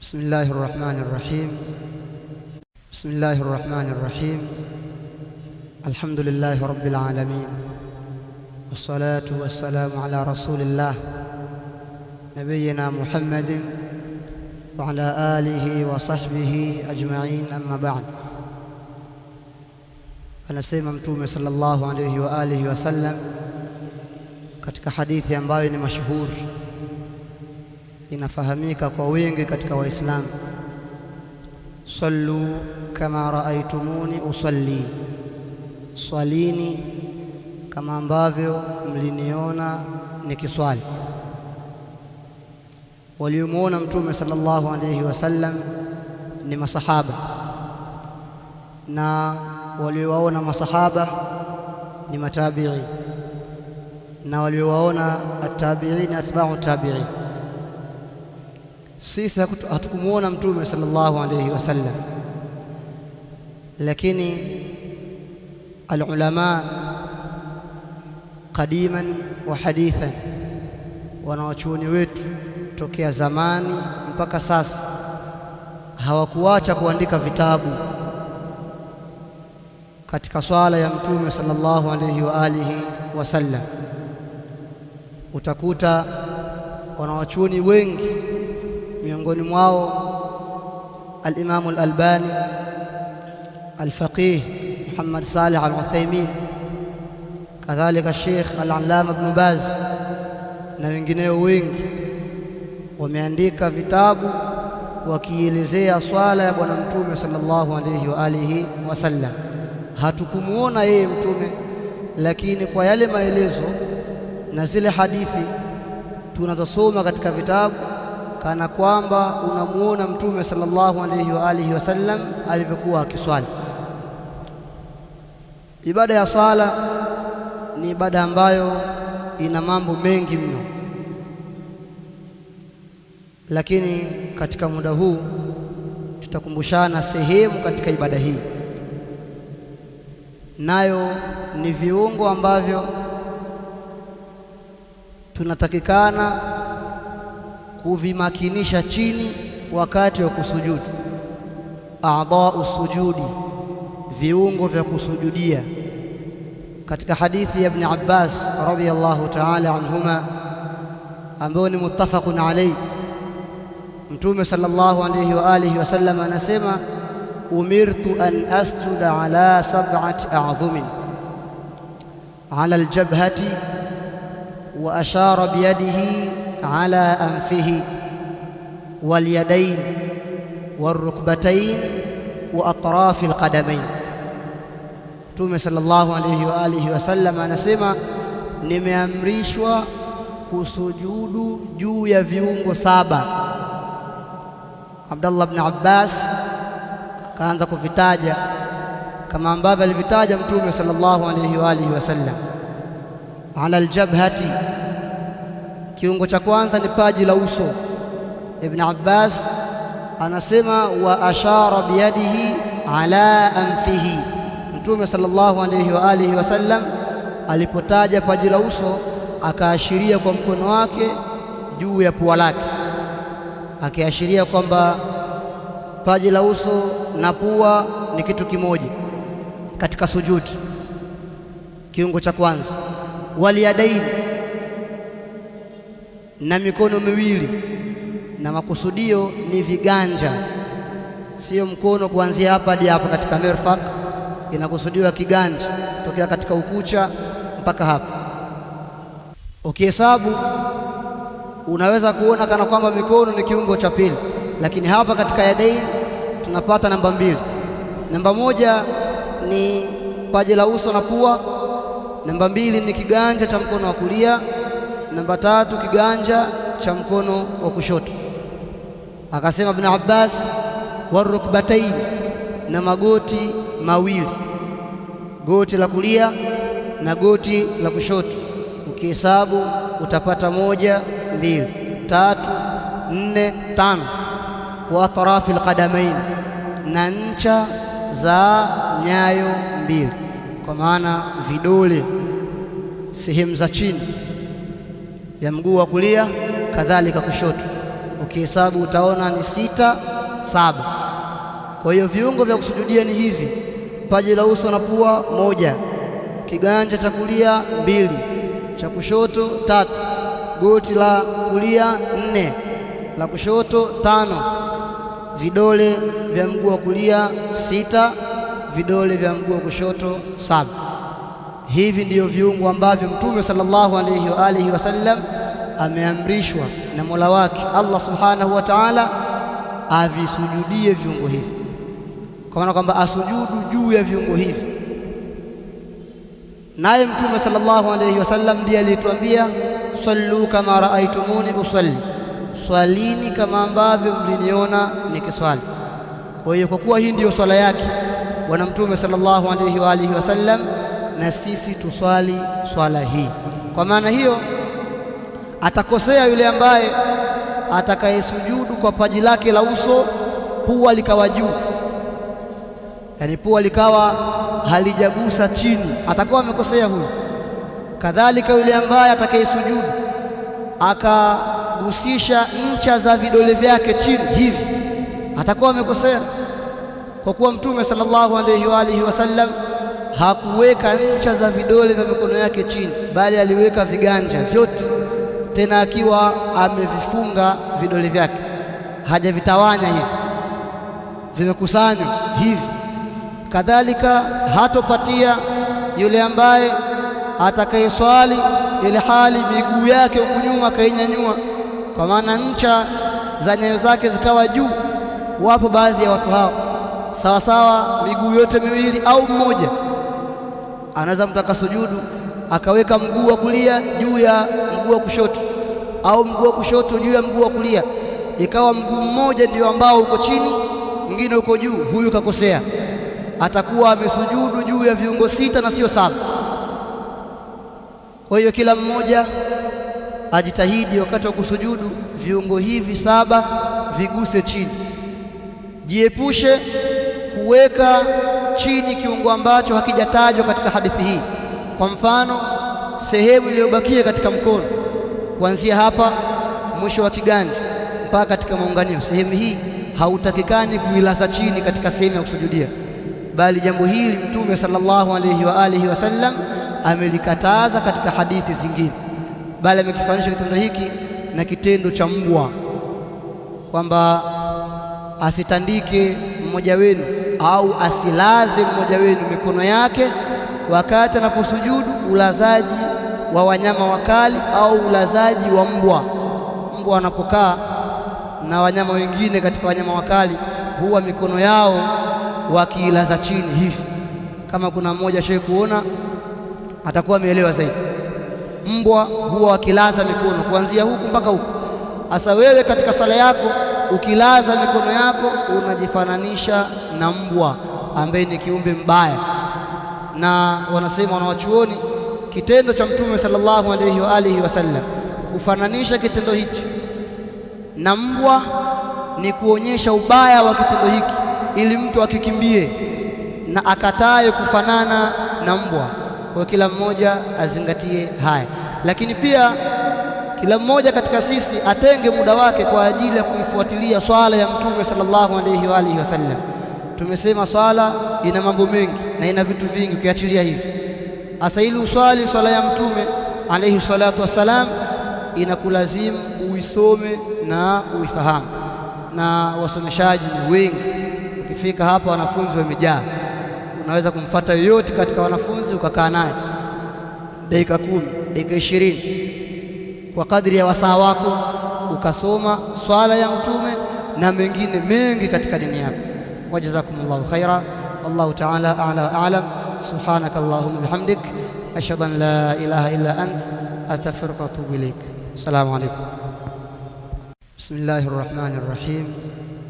بسم الله الرحمن الرحيم بسم الله الرحمن الرحيم الحمد لله رب العالمين والصلاة والسلام على رسول الله نبينا محمد وعلى آله وصحبه أجمعين أما بعد anasema mtume sallallahu صلى الله عليه وآله وسلم hadithi ambayo مشهور مشهور inafahamika kwa wingi katika Waislamu. Sallu kama raaitumuni usalli, swalini kama ambavyo mliniona nikiswali. Waliomwona Mtume sallallahu alayhi wasallam ni masahaba, na waliowaona masahaba ni matabi'i, na waliowaona atabi'in asba'u tabi'in sisi hatukumuona mtume sallallahu alayhi wasallam, lakini alulama qadiman wa hadithan, wanawachuoni wetu tokea zamani mpaka sasa hawakuacha kuandika vitabu katika swala ya mtume sallallahu alayhi wa alihi wasallam. Utakuta wanawachuoni wengi miongoni mwao al-Imam al-Albani al-Faqih Muhammad Salih al-Uthaymeen, kadhalika Sheikh al-Allama Ibn Baz na wengineo wengi wameandika vitabu wakielezea swala ya Bwana Mtume sallallahu alayhi wa alihi wasallam. Hatukumuona yeye Mtume, lakini kwa yale maelezo na zile hadithi tunazosoma katika vitabu kana kwamba unamuona Mtume sallallahu alayhi wa alihi wasallam alivyokuwa akiswali. Ibada ya sala ni ibada ambayo ina mambo mengi mno, lakini katika muda huu tutakumbushana sehemu katika ibada hii, nayo ni viungo ambavyo tunatakikana kuvimakinisha chini wakati wa kusujudu. Adau sujudi, viungo vya kusujudia. Katika hadithi ya Ibn Abbas radhiyallahu ta'ala anhuma, ambayo ni muttafaqun alayhi, Mtume sallallahu alayhi wa alihi wasallam anasema umirtu an asjuda ala sab'ati a'dhumin ala aljabhati وأشار بيده على أنفه واليدين والركبتين وأطراف القدمين تومي صلى الله عليه وآله وسلم أنا سيما نمي أمريشوا كسجود جوية فيونغ سابا عبد الله بن عباس كان ذاك فتاجة كما أنباب الفتاجة تومي صلى الله عليه وآله وسلم على الجبهة Kiungo cha kwanza ni paji la uso. Ibn Abbas anasema wa ashara biyadihi ala anfihi. Mtume sallallahu alayhi wa alihi wasallam alipotaja paji la uso akaashiria kwa mkono wake juu ya pua lake, akiashiria kwamba paji la uso na pua ni kitu kimoja katika sujudi. Kiungo cha kwanza waliadaini na mikono miwili, na makusudio ni viganja, siyo mkono kuanzia hapa hadi hapa. Katika mirfaq inakusudiwa kiganja tokea katika ukucha mpaka hapa. Ukihesabu unaweza kuona kana kwamba mikono ni kiungo cha pili, lakini hapa katika yadain tunapata namba mbili. Namba moja ni paji la uso na pua, namba mbili ni kiganja cha mkono wa kulia namba tatu kiganja cha mkono wa kushoto. Akasema Ibn Abbas, warukbataini, na magoti mawili, goti la kulia na goti la kushoto. Ukihesabu utapata moja, mbili, tatu, nne, tano. Wa atrafi alqadamain, na ncha za nyayo mbili, kwa maana vidole, sehemu za chini ya mguu wa kulia kadhalika kushoto. Ukihesabu utaona ni sita saba. Kwa hiyo viungo vya kusujudia ni hivi: paji la uso na pua moja, kiganja cha kulia mbili, cha kushoto tatu, goti la kulia nne, la kushoto tano, vidole vya mguu wa kulia sita, vidole vya mguu wa kushoto saba. Hivi ndiyo viungo ambavyo Mtume sallallahu alayhi wa alihi wasallam ameamrishwa na Mola wake Allah subhanahu wa ta'ala avisujudie viungo hivi, kwa maana kwamba asujudu juu ya viungo hivi. Naye Mtume sallallahu alayhi wasallam ndiye alituambia sallu kama raaitumuni usalli, swalini kama ambavyo mliniona nikiswali. Kwa hiyo, kwa kuwa hii ndiyo swala yake Bwana Mtume sallallahu alayhi wa alihi wasallam na sisi tuswali swala hii. Kwa maana hiyo, atakosea yule ambaye atakayesujudu kwa paji lake la uso pua likawa juu, yaani pua likawa halijagusa chini, atakuwa amekosea huyo. Kadhalika yule ambaye atakayesujudu akagusisha ncha za vidole vyake chini hivi, atakuwa amekosea, kwa kuwa Mtume sallallahu alaihi wa alihi wasallam hakuweka ncha za vidole vya mikono yake chini, bali aliweka viganja vyote, tena akiwa amevifunga vidole vyake, hajavitawanya hivi, vimekusanywa hivi. Kadhalika hatopatia yule ambaye atakayeswali ile hali miguu yake huku nyuma kainyanyua, kwa maana ncha za nyayo zake zikawa juu. Wapo baadhi ya watu hao, sawasawa miguu yote miwili au mmoja anaweza mtu akasujudu akaweka mguu wa kulia juu ya mguu wa kushoto au mguu wa kushoto juu ya mguu wa kulia, ikawa mguu mmoja ndio ambao uko chini, mwingine uko juu. Huyu kakosea, atakuwa amesujudu juu ya viungo sita na sio saba. Kwa hiyo kila mmoja ajitahidi wakati wa kusujudu viungo hivi saba viguse chini, jiepushe kuweka chini kiungo ambacho hakijatajwa katika hadithi hii. Kwa mfano, sehemu iliyobakia katika mkono kuanzia hapa mwisho wa kiganja mpaka katika maunganio, sehemu hii hautakikani kuilaza chini katika sehemu ya kusujudia, bali jambo hili Mtume sallallahu alayhi wa alihi wasallam amelikataza katika hadithi zingine, bali amekifananisha kitendo hiki na kitendo cha mbwa kwamba asitandike mmoja wenu au asilaze mmoja wenu mikono yake wakati anaposujudu, ulazaji wa wanyama wakali au ulazaji wa mbwa. Mbwa wanapokaa na wanyama wengine katika wanyama wakali, huwa mikono yao wakiilaza chini hivi. Kama kuna mmoja shehe kuona atakuwa ameelewa zaidi. Mbwa huwa wakilaza mikono kuanzia huku mpaka huku. Hasa wewe katika sala yako ukilaza mikono yako unajifananisha na mbwa ambaye ni kiumbe mbaya, na wanasema wanawachuoni, kitendo cha Mtume sallallahu alayhi wa alihi wasallam kufananisha kitendo hichi na mbwa ni kuonyesha ubaya wa kitendo hiki, ili mtu akikimbie na akataye kufanana na mbwa. Kwa kila mmoja azingatie haya, lakini pia kila mmoja katika sisi atenge muda wake kwa ajili ya kuifuatilia swala ya Mtume sallallahu alayhi wa alihi wasallam. Tumesema swala ina mambo mengi na ina vitu vingi ukiachilia hivi. Hasa ili uswali swala ya Mtume alaihi salatu wassalam, inakulazimu uisome na uifahamu, na wasomeshaji ni wengi. Ukifika hapa wanafunzi wamejaa, unaweza kumfata yoyote katika wanafunzi ukakaa naye dakika kumi, dakika ishirini kwa kadri ya wasaa wako, ukasoma swala ya Mtume na mengine mengi katika dini yako. وجزاكم الله خيرا والله تعالى أعلى أعلم سبحانك اللهم بحمدك أشهد أن لا إله إلا أنت أستغفرك وأتوب إليك السلام عليكم بسم الله الرحمن الرحيم